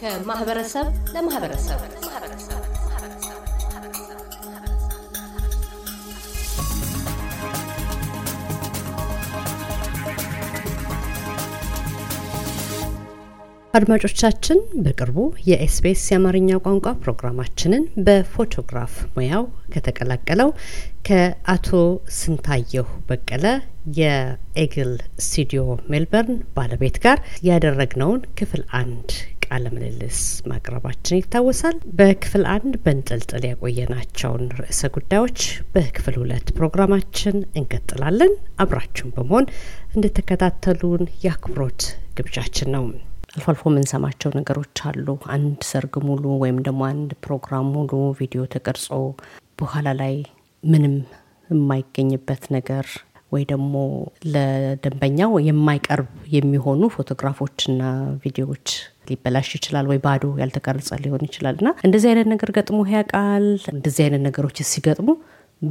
ከማህበረሰብ ለማህበረሰብ አድማጮቻችን በቅርቡ የኤስቢኤስ የአማርኛ ቋንቋ ፕሮግራማችንን በፎቶግራፍ ሙያው ከተቀላቀለው ከአቶ ስንታየሁ በቀለ የኤግል ስቱዲዮ ሜልበርን ባለቤት ጋር ያደረግነውን ክፍል አንድ ቃለ ምልልስ ማቅረባችን ይታወሳል። በክፍል አንድ በንጥልጥል ያቆየናቸውን ርዕሰ ጉዳዮች በክፍል ሁለት ፕሮግራማችን እንቀጥላለን። አብራችሁን በመሆን እንድትከታተሉን የአክብሮት ግብዣችን ነው። አልፎ አልፎ የምንሰማቸው ነገሮች አሉ። አንድ ሰርግ ሙሉ ወይም ደግሞ አንድ ፕሮግራም ሙሉ ቪዲዮ ተቀርጾ በኋላ ላይ ምንም የማይገኝበት ነገር ወይ ደግሞ ለደንበኛው የማይቀርብ የሚሆኑ ፎቶግራፎችና ቪዲዮዎች ሊበላሽ ይችላል፣ ወይ ባዶ ያልተቀረጸ ሊሆን ይችላል እና እንደዚህ አይነት ነገር ገጥሞ ያውቃል? እንደዚህ አይነት ነገሮች ሲገጥሙ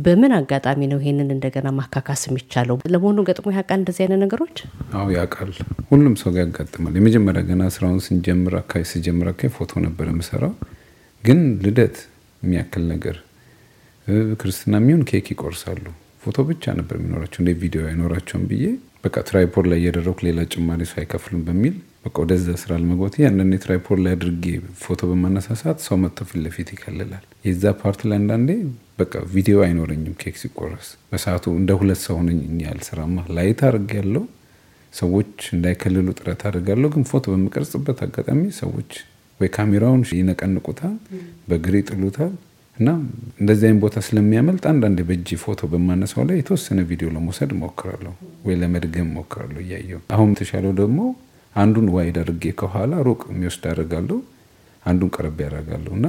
በምን አጋጣሚ ነው ይሄንን እንደገና ማካካስ የሚቻለው? ለመሆኑ ገጥሞ ያውቃል? እንደዚህ አይነት ነገሮች? አዎ ያውቃል። ሁሉም ሰው ጋር ያጋጥማል። የመጀመሪያ ገና ስራውን ስንጀምር አካባቢ ስጀምር አካባቢ ፎቶ ነበር የምሰራው። ግን ልደት የሚያክል ነገር ክርስትና የሚሆን ኬክ ይቆርሳሉ። ፎቶ ብቻ ነበር የሚኖራቸው እንደ ቪዲዮ አይኖራቸውም ብዬ በቃ ትራይፖድ ላይ እያደረኩ ሌላ ጭማሪ ሰው አይከፍሉም በሚል በቃ ወደዛ ስራ አልመግባት ያንዳንዴ ትራይፖድ ላይ አድርጌ ፎቶ በማነሳሳት ሰው መጥቶ ፊት ለፊት ይከልላል። የዛ ፓርት ላይ አንዳንዴ በቃ ቪዲዮ አይኖረኝም። ኬክ ሲቆረስ በሰዓቱ እንደ ሁለት ሰው ነኝ ያል ላይት አድርግ ያለው ሰዎች እንዳይከልሉ ጥረት አድርጋለሁ። ግን ፎቶ በምቀርጽበት አጋጣሚ ሰዎች ወይ ካሜራውን ይነቀንቁታል፣ በግር ይጥሉታል እና እንደዚህ አይነት ቦታ ስለሚያመልጥ አንዳንድ በእጅ ፎቶ በማነሳው ላይ የተወሰነ ቪዲዮ ለመውሰድ ሞክራለሁ ወይ ለመድገም ሞክራለሁ እያየው። አሁን የተሻለው ደግሞ አንዱን ዋይድ አድርጌ ከኋላ ሩቅ የሚወስድ አደርጋለሁ፣ አንዱን ቀረብ ያደርጋለሁ እና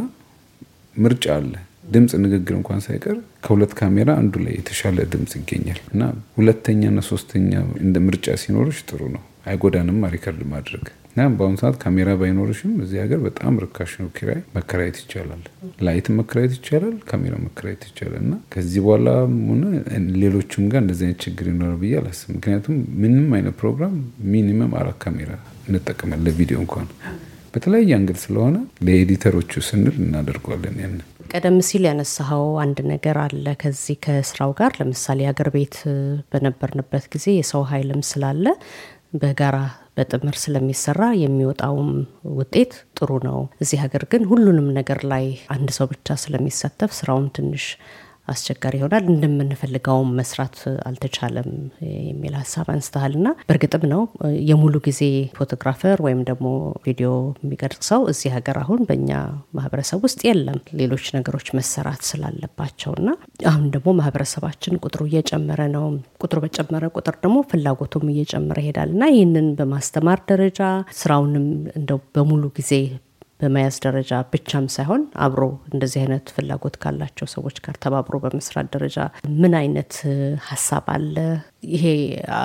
ምርጫ አለ። ድምፅ ንግግር እንኳን ሳይቀር ከሁለት ካሜራ አንዱ ላይ የተሻለ ድምፅ ይገኛል እና ሁለተኛና ሶስተኛ እንደ ምርጫ ሲኖርሽ ጥሩ ነው። አይጎዳንም ሪከርድ ማድረግ እና በአሁኑ ሰዓት ካሜራ ባይኖርሽም እዚህ ሀገር በጣም ርካሽ ነው። ኪራይ መከራየት ይቻላል፣ ላይት መከራየት ይቻላል፣ ካሜራ መከራየት ይቻላል። እና ከዚህ በኋላ ሆነ ሌሎችም ጋር እንደዚህ አይነት ችግር ይኖራል ብዬ አላስብም። ምክንያቱም ምንም አይነት ፕሮግራም ሚኒመም አራት ካሜራ እንጠቀማለን ለቪዲዮ እንኳን በተለያየ አንግል ስለሆነ ለኤዲተሮቹ ስንል እናደርጓለን ያንን ቀደም ሲል ያነሳኸው አንድ ነገር አለ። ከዚህ ከስራው ጋር ለምሳሌ ሀገር ቤት በነበርንበት ጊዜ የሰው ሀይልም ስላለ በጋራ በጥምር ስለሚሰራ የሚወጣውም ውጤት ጥሩ ነው። እዚህ ሀገር ግን ሁሉንም ነገር ላይ አንድ ሰው ብቻ ስለሚሳተፍ ስራውም ትንሽ አስቸጋሪ ይሆናል እንደምንፈልገውም መስራት አልተቻለም የሚል ሀሳብ አንስተሃል ና በእርግጥም ነው የሙሉ ጊዜ ፎቶግራፈር ወይም ደግሞ ቪዲዮ የሚቀርጽ ሰው እዚህ ሀገር አሁን በእኛ ማህበረሰብ ውስጥ የለም። ሌሎች ነገሮች መሰራት ስላለባቸው እና አሁን ደግሞ ማህበረሰባችን ቁጥሩ እየጨመረ ነው። ቁጥሩ በጨመረ ቁጥር ደግሞ ፍላጎቱም እየጨመረ ይሄዳል ና ይህንን በማስተማር ደረጃ ስራውንም እንደው በሙሉ ጊዜ በመያዝ ደረጃ ብቻም ሳይሆን አብሮ እንደዚህ አይነት ፍላጎት ካላቸው ሰዎች ጋር ተባብሮ በመስራት ደረጃ ምን አይነት ሀሳብ አለ? ይሄ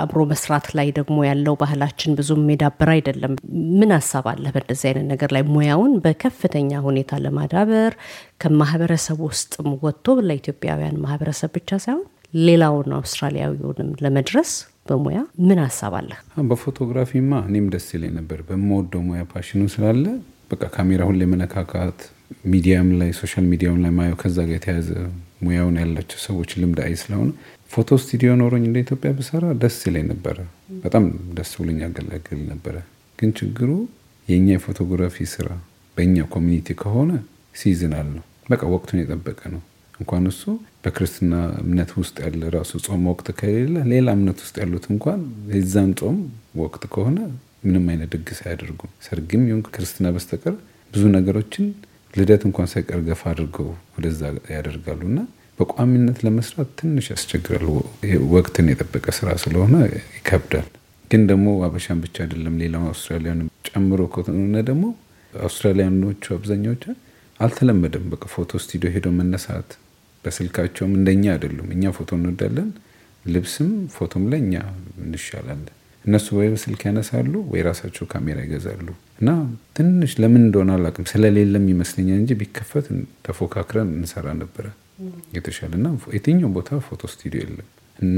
አብሮ መስራት ላይ ደግሞ ያለው ባህላችን ብዙም የሚዳብር አይደለም። ምን ሀሳብ አለ? በእንደዚህ አይነት ነገር ላይ ሙያውን በከፍተኛ ሁኔታ ለማዳበር ከማህበረሰብ ውስጥም ወጥቶ ለኢትዮጵያውያን ማህበረሰብ ብቻ ሳይሆን ሌላውን አውስትራሊያዊውንም ለመድረስ በሙያ ምን ሀሳብ አለ? በፎቶግራፊማ እኔም ደስ ይለኝ ነበር። በምወደው ሙያ ፓሽኑ ስላለ በቃ ካሜራ ሁሌ መነካካት ሚዲያም ላይ ሶሻል ሚዲያም ላይ ማየው ከዛ ጋር የተያዘ ሙያውን ያላቸው ሰዎች ልምድ አይ ስለሆነ ፎቶ ስቱዲዮ ኖሮኝ እንደ ኢትዮጵያ ብሰራ ደስ ይለኝ ነበረ። በጣም ደስ ብሎኝ ያገለግል ነበረ። ግን ችግሩ የእኛ የፎቶግራፊ ስራ በእኛ ኮሚኒቲ ከሆነ ሲዝናል ነው፣ በቃ ወቅቱን የጠበቀ ነው። እንኳን እሱ በክርስትና እምነት ውስጥ ያለ ራሱ ጾም ወቅት ከሌለ ሌላ እምነት ውስጥ ያሉት እንኳን የዛን ጾም ወቅት ከሆነ ምንም አይነት ድግስ አያደርጉም። ሰርግም ይሁን ክርስትና በስተቀር ብዙ ነገሮችን ልደት እንኳን ሳይቀር ገፋ አድርገው ወደዛ ያደርጋሉ እና በቋሚነት ለመስራት ትንሽ ያስቸግራል። ወቅትን የጠበቀ ስራ ስለሆነ ይከብዳል። ግን ደግሞ አበሻን ብቻ አይደለም፣ ሌላ አውስትራሊያን ጨምሮ ከሆነ ደግሞ አውስትራሊያኖቹ አብዛኛዎቹ አልተለመደም። በቃ ፎቶ ስቱዲዮ ሄደው መነሳት በስልካቸውም እንደኛ አይደሉም። እኛ ፎቶ እንወዳለን፣ ልብስም ፎቶም ላይ እኛ እንሻላለን። እነሱ ወይ በስልክ ያነሳሉ ወይ ራሳቸው ካሜራ ይገዛሉ። እና ትንሽ ለምን እንደሆነ አላውቅም፣ ስለሌለም ይመስለኛል እንጂ ቢከፈት ተፎካክረን እንሰራ ነበረ የተሻለ እና የትኛው ቦታ ፎቶ ስቱዲዮ የለም።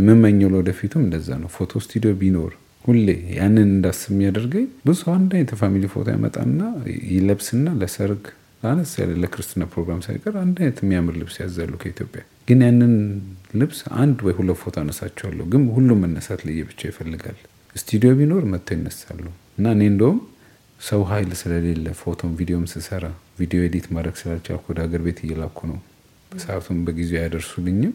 የምመኘው ለወደፊቱም እንደዛ ነው። ፎቶ ስቱዲዮ ቢኖር ሁሌ ያንን እንዳስብ የሚያደርገኝ ብዙ አንድ አይነት ፋሚሊ ፎቶ ያመጣና ይለብስና ለሰርግ አነስ ያለ ለክርስትና ፕሮግራም ሳይቀር አንድ አይነት የሚያምር ልብስ ያዛሉ ከኢትዮጵያ። ግን ያንን ልብስ አንድ ወይ ሁለት ፎቶ አነሳቸዋለሁ። ግን ሁሉም መነሳት ለየብቻ ይፈልጋል። ስቱዲዮ ቢኖር መጥተው ይነሳሉ እና እኔ እንደውም ሰው ኃይል ስለሌለ ፎቶም ቪዲዮም ስሰራ ቪዲዮ ኤዲት ማድረግ ስላልቻልኩ ወደ ሀገር ቤት እየላኩ ነው። በሰዓቱም በጊዜው አያደርሱልኝም፣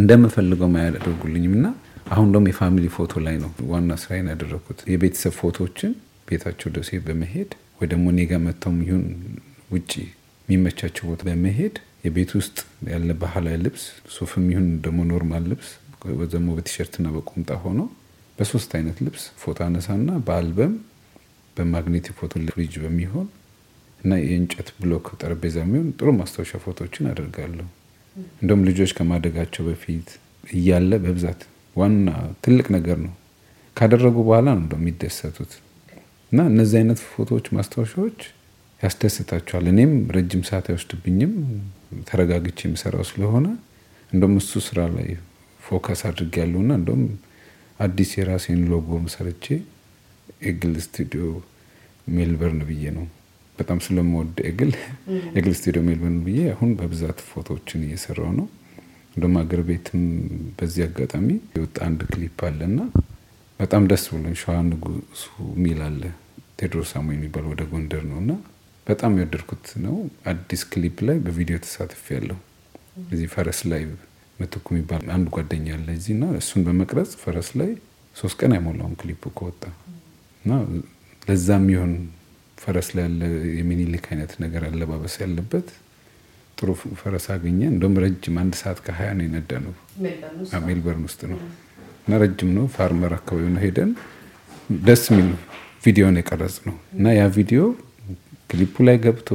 እንደምፈልገው አያደርጉልኝም እና አሁን ደግሞ የፋሚሊ ፎቶ ላይ ነው ዋና ስራዬን ያደረኩት የቤተሰብ ፎቶዎችን ቤታቸው ደሴ በመሄድ ወይ ደግሞ ኔጋ መጥተውም ይሁን ውጭ የሚመቻቸው ቦታ በመሄድ የቤት ውስጥ ያለ ባህላዊ ልብስ ሱፍም ይሁን ደግሞ ኖርማል ልብስ ደግሞ በቲሸርትና በቁምጣ ሆኖ በሶስት አይነት ልብስ ፎቶ አነሳና በአልበም በማግኔቲክ ፎቶ ፍሪጅ በሚሆን እና የእንጨት ብሎክ ጠረጴዛ የሚሆን ጥሩ ማስታወሻ ፎቶዎችን አደርጋለሁ። እንደውም ልጆች ከማደጋቸው በፊት እያለ በብዛት ዋና ትልቅ ነገር ነው ካደረጉ በኋላ ነው እንደው የሚደሰቱት እና እነዚህ አይነት ፎቶዎች ማስታወሻዎች ያስደስታቸዋል። እኔም ረጅም ሰዓት አይወስድብኝም ተረጋግቼ የምሰራው ስለሆነ እንደውም እሱ ስራ ላይ ፎከስ አድርጌያለሁና እንደውም አዲስ የራሴን ሎጎም ሰርቼ ኤግል ስቱዲዮ ሜልበርን ብዬ ነው በጣም ስለምወድ ኤግል ኤግል ስቱዲዮ ሜልበርን ብዬ አሁን በብዛት ፎቶዎችን እየሰራው ነው። እንደውም አገር ቤትም በዚህ አጋጣሚ የወጣ አንድ ክሊፕ አለና በጣም ደስ ብሎኝ ሸዋ ንጉሱ ሚል አለ ቴዎድሮስ ሳሙ የሚባል ወደ ጎንደር ነው እና በጣም የወደድኩት ነው። አዲስ ክሊፕ ላይ በቪዲዮ ተሳትፍ ያለው እዚህ ፈረስ ላይ ምትኩ የሚባል አንድ ጓደኛ አለ እዚህ እና እሱን በመቅረጽ ፈረስ ላይ ሶስት ቀን አይሞላውም ክሊፑ ከወጣ እና ለዛ የሚሆን ፈረስ ላይ ያለ የሚኒሊክ አይነት ነገር አለባበስ ያለበት ጥሩ ፈረስ አገኘ። እንደውም ረጅም አንድ ሰዓት ከሀያ ነው የነዳ ነው ሜልበርን ውስጥ ነው እና ረጅም ነው። ፋርመር አካባቢ ነው ሄደን ደስ የሚል ቪዲዮን የቀረጽ ነው እና ያ ቪዲዮ ክሊፑ ላይ ገብቶ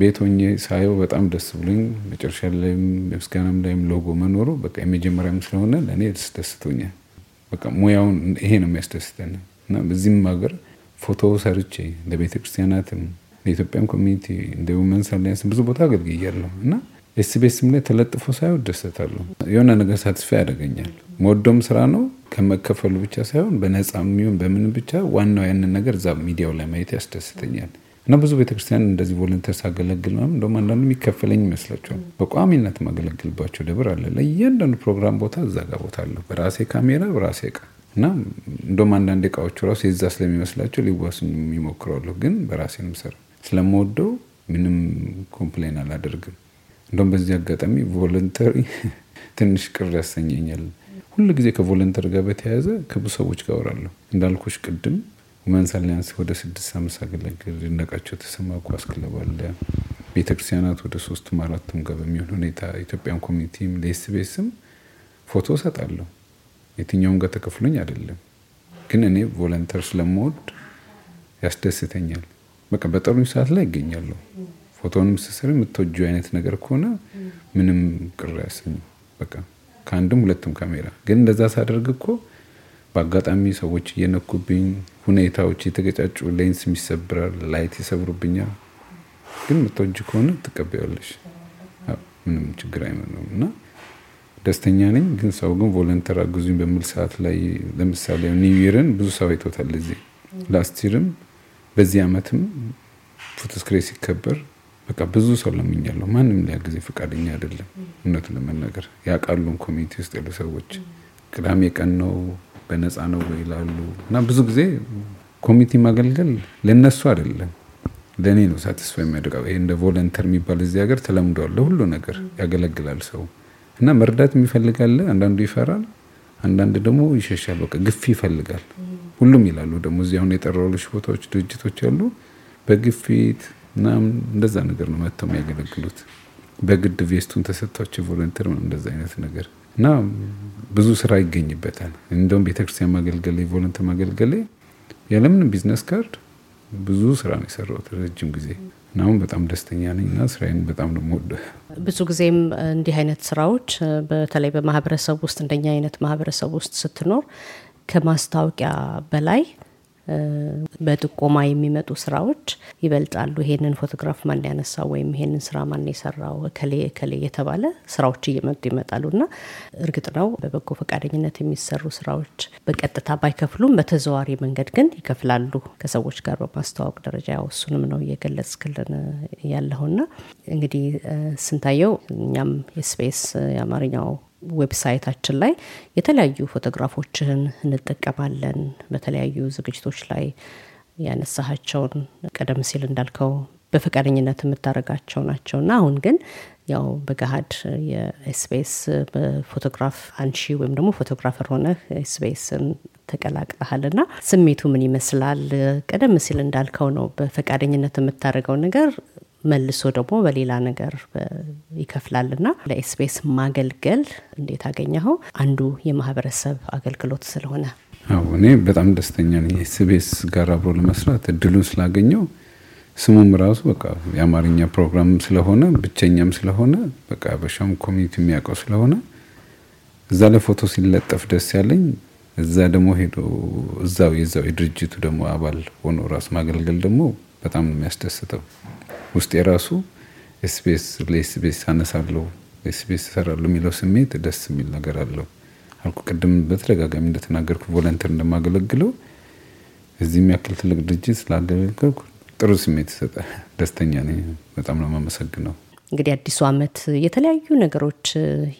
ቤት ሆኜ ሳየው በጣም ደስ ብሎኝ መጨረሻ ላይም የምስጋናም ላይም ሎጎ መኖሩ በቃ የመጀመሪያም ስለሆነ ለእኔ ደስደስቶኛል። በቃ ሙያውን ይሄ ነው የሚያስደስተን እና በዚህም ሀገር ፎቶ ሰርቼ ለቤተ ክርስቲያናትም ለኢትዮጵያን ኮሚኒቲ እንደ ውመንስ አሊያንስ ብዙ ቦታ አገልግያለሁ እና ኤስቤስም ላይ ተለጥፎ ሳየው ደሰታለሁ። የሆነ ነገር ሳትስፋ ያደርገኛል። መወዶም ስራ ነው ከመከፈሉ ብቻ ሳይሆን በነፃ የሚሆን በምን ብቻ ዋናው ያንን ነገር እዛ ሚዲያው ላይ ማየት ያስደስተኛል። እና ብዙ ቤተክርስቲያን እንደዚህ ቮለንተር ሳገለግል ም እንደውም አንዳንዱ የሚከፈለኝ ይመስላችኋል። በቋሚነት ማገለግልባቸው ደብር አለ። ለእያንዳንዱ ፕሮግራም ቦታ እዛ ጋር ቦታ አለ፣ በራሴ ካሜራ በራሴ እቃ እና እንደውም አንዳንድ እቃዎቹ ራሱ የዛ ስለሚመስላቸው ሊዋሱ የሚሞክረዋለሁ። ግን በራሴ ነው የምሰራው። ስለምወደው ምንም ኮምፕሌን አላደርግም። እንደውም በዚህ አጋጣሚ ቮለንተሪ ትንሽ ቅር ያሰኘኛል። ሁሉ ጊዜ ከቮለንተር ጋር በተያያዘ ከብዙ ሰዎች ጋር አወራለሁ እንዳልኩሽ ቅድም ማንሳሊያንስ ወደ ስድስት አምስት አገለግል ድንዳቃቸው የተሰማ ኳስ ክለብ አለ። ቤተክርስቲያናት ወደ ሶስትም አራትም ጋር በሚሆን ሁኔታ ኢትዮጵያን ኮሚኒቲም ለኤስቤስም ፎቶ እሰጣለሁ። የትኛውም ጋር ተከፍሎኝ አይደለም፣ ግን እኔ ቮለንተር ስለምወድ ያስደስተኛል። በቃ በጠሩኝ ሰዓት ላይ ይገኛለሁ። ፎቶንም ስስር የምትወጁ አይነት ነገር ከሆነ ምንም ቅር ያሰኝ በቃ ከአንድም ሁለትም ካሜራ ግን እንደዛ ሳደርግ እኮ በአጋጣሚ ሰዎች እየነኩብኝ ሁኔታዎች የተገጫጩ ሌንስ ይሰብራል፣ ላይት ይሰብሩብኛል። ግን ምትወጅ ከሆነ ትቀበያለሽ፣ ምንም ችግር አይኖርም እና ደስተኛ ነኝ። ግን ሰው ግን ቮለንተር አግዙኝ በሚል ሰዓት ላይ ለምሳሌ ኒው ብዙ ሰው አይቶታል። እዚህ ላስት ይርም በዚህ አመትም ፎቶስክሬ ሲከበር በቃ ብዙ ሰው ለምኛለሁ። ማንም ጊዜ ፈቃደኛ አይደለም። እውነቱ ለመናገር ያውቃሉን ኮሚኒቲ ውስጥ ያሉ ሰዎች ቅዳሜ ቀን ነው በነፃ ነው ወይ ይላሉ። እና ብዙ ጊዜ ኮሚኒቲ ማገልገል ለነሱ አይደለም ለእኔ ነው ሳቲስፋይ የሚያደርገው። ይሄ እንደ ቮለንተር የሚባል እዚህ ሀገር ተለምዷል። ለሁሉ ነገር ያገለግላል ሰው እና መርዳት የሚፈልጋለ አንዳንዱ ይፈራል፣ አንዳንድ ደግሞ ይሸሻል። በቃ ግፊ ይፈልጋል ሁሉም ይላሉ። ደግሞ እዚህ አሁን የጠራሁልሽ ቦታዎች ድርጅቶች አሉ በግፊት ምናምን እንደዛ ነገር ነው መጥተው የሚያገለግሉት። በግድ ቬስቱን ተሰጥቷቸው ቮለንተር እንደዛ አይነት ነገር እና ብዙ ስራ ይገኝበታል። እንደውም ቤተክርስቲያን ማገልገል ላይ ቮለንተር ማገልገል ላይ ያለምንም ቢዝነስ ካርድ ብዙ ስራ ነው የሰራሁት ረጅም ጊዜ እና አሁን በጣም ደስተኛ ነኝ እና ስራዬን በጣም ነው የምወደው። ብዙ ጊዜም እንዲህ አይነት ስራዎች በተለይ በማህበረሰብ ውስጥ እንደኛ አይነት ማህበረሰብ ውስጥ ስትኖር ከማስታወቂያ በላይ በጥቆማ የሚመጡ ስራዎች ይበልጣሉ። ይሄንን ፎቶግራፍ ማን ያነሳው ወይም ይሄንን ስራ ማን የሰራው እከሌ እከሌ የተባለ ስራዎች እየመጡ ይመጣሉ እና እርግጥ ነው በበጎ ፈቃደኝነት የሚሰሩ ስራዎች በቀጥታ ባይከፍሉም በተዘዋሪ መንገድ ግን ይከፍላሉ። ከሰዎች ጋር በማስተዋወቅ ደረጃ ያው እሱንም ነው እየገለጽክልን ያለሁና እንግዲህ ስንታየው እኛም የስፔስ የአማርኛው ዌብሳይታችን ላይ የተለያዩ ፎቶግራፎችህን እንጠቀማለን በተለያዩ ዝግጅቶች ላይ ያነሳሃቸውን ቀደም ሲል እንዳልከው በፈቃደኝነት የምታደርጋቸው ናቸው እና አሁን ግን ያው በገሀድ የኤስቢኤስ በፎቶግራፍ አንሺ ወይም ደግሞ ፎቶግራፈር ሆነ ኤስቢኤስን ተቀላቅለሃል ና ስሜቱ ምን ይመስላል? ቀደም ሲል እንዳልከው ነው በፈቃደኝነት የምታደርገው ነገር መልሶ ደግሞ በሌላ ነገር ይከፍላል ና ለኤስቢኤስ ማገልገል እንዴት አገኘኸው? አንዱ የማህበረሰብ አገልግሎት ስለሆነ። እኔ በጣም ደስተኛ ነኝ። ኤስቢኤስ ጋር አብሮ ለመስራት እድሉን ስላገኘው ስሙም ራሱ በቃ የአማርኛ ፕሮግራም ስለሆነ ብቸኛም ስለሆነ በቃ በሻም ኮሚኒቲ የሚያውቀው ስለሆነ እዛ ላይ ፎቶ ሲለጠፍ ደስ ያለኝ እዛ ደግሞ ሄዶ እዛው የዛው የድርጅቱ ደግሞ አባል ሆኖ ራሱ ማገልገል ደግሞ በጣም ነው የሚያስደስተው። ውስጥ የራሱ ስፔስ ለስፔስ አነሳለሁ ስፔስ እሰራለሁ የሚለው ስሜት ደስ የሚል ነገር አለው። አልኩ ቅድም በተደጋጋሚ እንደተናገርኩ ቮለንተር እንደማገለግለው እዚህ የሚያክል ትልቅ ድርጅት ስላገለገልኩ ጥሩ ስሜት ይሰጣል። ደስተኛ ነኝ። በጣም ለማመሰግነው እንግዲህ አዲሱ ዓመት የተለያዩ ነገሮች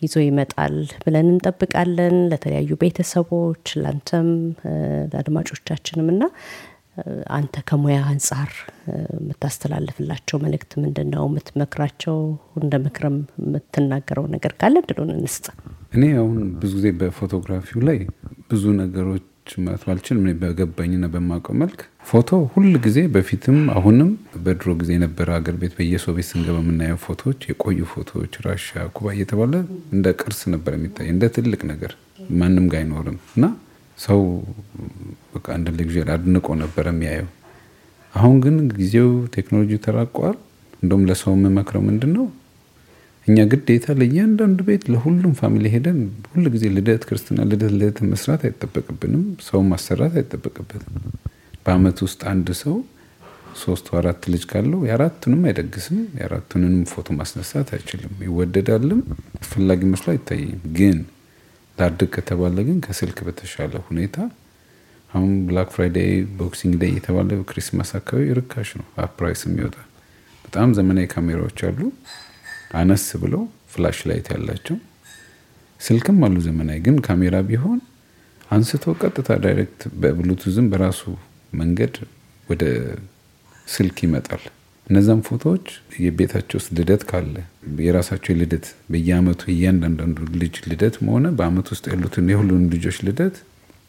ይዞ ይመጣል ብለን እንጠብቃለን። ለተለያዩ ቤተሰቦች፣ ላንተም፣ ለአድማጮቻችንም እና አንተ ከሙያ አንጻር የምታስተላልፍላቸው መልእክት ምንድነው? የምትመክራቸው እንደ ምክርም የምትናገረው ነገር ካለ እድሉን እንስጥ። እኔ አሁን ብዙ ጊዜ በፎቶግራፊው ላይ ብዙ ነገሮች ማለት ባልችል በገባኝና በማውቀው መልክ ፎቶ ሁል ጊዜ በፊትም አሁንም በድሮ ጊዜ የነበረ ሀገር ቤት በየሰው ቤት ስንገባ የምናየው ፎቶዎች የቆዩ ፎቶዎች ራሻ፣ ኩባ እየተባለ እንደ ቅርስ ነበር የሚታይ እንደ ትልቅ ነገር ማንም ጋ አይኖርም እና ሰው በቃ እንደ ልግዠሪ አድንቆ ነበር የሚያየው። አሁን ግን ጊዜው ቴክኖሎጂ ተራቋል። እንደውም ለሰው የምመክረው ምንድን ነው እኛ ግዴታ ለእያንዳንዱ ቤት ለሁሉም ፋሚሊ ሄደን ሁል ጊዜ ልደት፣ ክርስትና፣ ልደት ልደት መስራት አይጠበቅብንም። ሰው ማሰራት አይጠበቅበትም። በአመት ውስጥ አንድ ሰው ሶስት አራት ልጅ ካለው የአራቱንም አይደግስም። የአራቱንንም ፎቶ ማስነሳት አይችልም። ይወደዳልም አስፈላጊ መስሎ አይታይም ግን ላድግ ከተባለ ግን ከስልክ በተሻለ ሁኔታ አሁን ብላክ ፍራይዴይ፣ ቦክሲንግ ዴይ የተባለ ክሪስማስ አካባቢ ርካሽ ነው፣ አፕራይስ የሚወጣ በጣም ዘመናዊ ካሜራዎች አሉ፣ አነስ ብለው ፍላሽ ላይት ያላቸው ስልክም አሉ ዘመናዊ። ግን ካሜራ ቢሆን አንስቶ ቀጥታ ዳይሬክት በብሉቱዝም በራሱ መንገድ ወደ ስልክ ይመጣል። እነዛም ፎቶዎች የቤታቸው ውስጥ ልደት ካለ የራሳቸው ልደት በየአመቱ እያንዳንዳንዱ ልጅ ልደት መሆነ በአመት ውስጥ ያሉትን የሁሉን ልጆች ልደት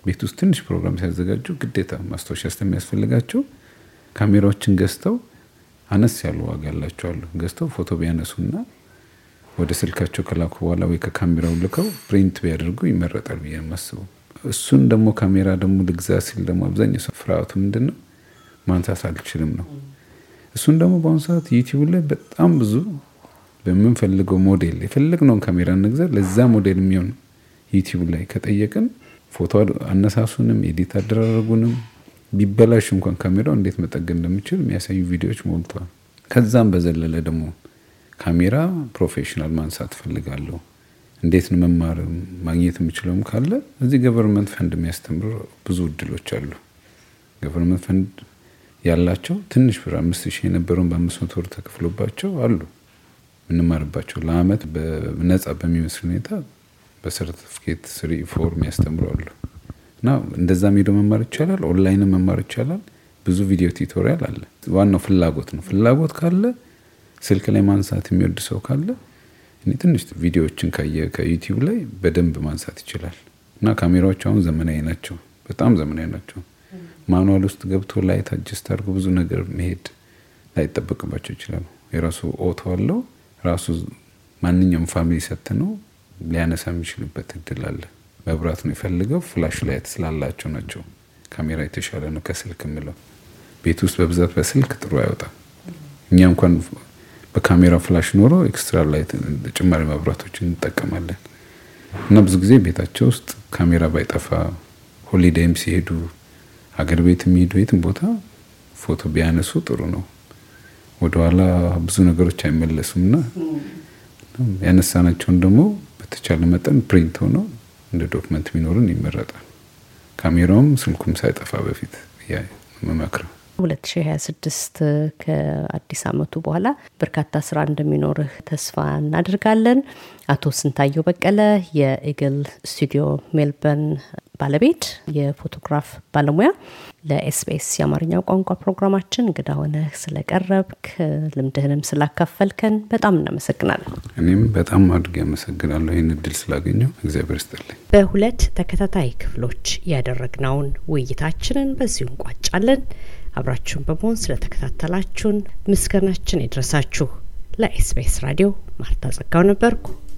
ቤት ውስጥ ትንሽ ፕሮግራም ሲያዘጋጁ ግዴታ ማስታወሻ ስለሚያስፈልጋቸው ካሜራዎችን ገዝተው አነስ ያሉ ዋጋ ያላቸዋሉ ገዝተው ፎቶ ቢያነሱና ወደ ስልካቸው ከላኩ በኋላ ወይ ከካሜራው ልከው ፕሪንት ቢያደርጉ ይመረጣል ብዬ የማስበው። እሱን ደግሞ ካሜራ ደግሞ ልግዛ ሲል ደግሞ አብዛኛው ሰው ፍርሃቱ ምንድን ነው ማንሳት አልችልም ነው እሱን ደግሞ በአሁኑ ሰዓት ዩቲዩብ ላይ በጣም ብዙ በምንፈልገው ሞዴል የፈለግነውን ካሜራ እንግዛ። ለዛ ሞዴል የሚሆን ዩቲዩብ ላይ ከጠየቅን ፎቶ አነሳሱንም ኤዲት አደራረጉንም ቢበላሽ እንኳን ካሜራው እንዴት መጠገን እንደምችል የሚያሳዩ ቪዲዮዎች ሞልተዋል። ከዛም በዘለለ ደግሞ ካሜራ ፕሮፌሽናል ማንሳት ፈልጋለሁ እንዴት ነው መማር ማግኘት የምችለውም ካለ እዚህ ገቨርንመንት ፈንድ የሚያስተምር ብዙ እድሎች አሉ። ገቨርንመንት ፈንድ ያላቸው ትንሽ ብር አምስት ሺህ የነበረውን በአምስት መቶ ብር ተከፍሎባቸው አሉ የምንማርባቸው ለአመት ነጻ በሚመስል ሁኔታ በሰርቲፊኬት ስሪ ፎርም ያስተምሩ አሉ እና እንደዛም ሄዶ መማር ይቻላል። ኦንላይን መማር ይቻላል። ብዙ ቪዲዮ ቲቶሪያል አለ። ዋናው ፍላጎት ነው። ፍላጎት ካለ ስልክ ላይ ማንሳት የሚወድ ሰው ካለ እኔ ትንሽ ቪዲዮዎችን ካየ ከዩቲዩብ ላይ በደንብ ማንሳት ይችላል እና ካሜራዎች አሁን ዘመናዊ ናቸው፣ በጣም ዘመናዊ ናቸው። ማኑዋል ውስጥ ገብቶ ላይት አጀስት አድርጎ ብዙ ነገር መሄድ ላይጠበቅባቸው ይችላሉ። የራሱ ኦቶ አለው። ራሱ ማንኛውም ፋሚሊ ሰት ነው ሊያነሳ የሚችልበት እድል አለ። መብራት ነው የፈልገው። ፍላሽ ላይት ስላላቸው ናቸው። ካሜራ የተሻለ ነው ከስልክ የምለው። ቤት ውስጥ በብዛት በስልክ ጥሩ አይወጣም። እኛ እንኳን በካሜራ ፍላሽ ኖሮ ኤክስትራ ላይት ተጨማሪ መብራቶችን እንጠቀማለን እና ብዙ ጊዜ ቤታቸው ውስጥ ካሜራ ባይጠፋ ሆሊዴይም ሲሄዱ ሀገር ቤት የሚሄዱ የትም ቦታ ፎቶ ቢያነሱ ጥሩ ነው። ወደኋላ ብዙ ነገሮች አይመለሱም እና ያነሳናቸውን ደግሞ በተቻለ መጠን ፕሪንት ሆነው እንደ ዶክመንት ቢኖርን ይመረጣል። ካሜራውም ስልኩም ሳይጠፋ በፊት መመክረው 2026 ከአዲስ አመቱ በኋላ በርካታ ስራ እንደሚኖርህ ተስፋ እናደርጋለን። አቶ ስንታየው በቀለ የኢግል ስቱዲዮ ሜልበርን ባለቤት የፎቶግራፍ ባለሙያ ለኤስቢኤስ የአማርኛው ቋንቋ ፕሮግራማችን እንግዳ ሆነ ስለቀረብክ ልምድህንም ስላካፈልከን በጣም እናመሰግናለን። እኔም በጣም አድግ ያመሰግናለሁ ይህን እድል ስላገኘው እግዚአብሔር ይስጥልኝ። በሁለት ተከታታይ ክፍሎች ያደረግነውን ውይይታችንን በዚሁ እንቋጫለን። አብራችሁን በመሆን ስለተከታተላችሁን ምስጋናችን ይድረሳችሁ። ለኤስቢኤስ ራዲዮ ማርታ ጸጋው ነበርኩ።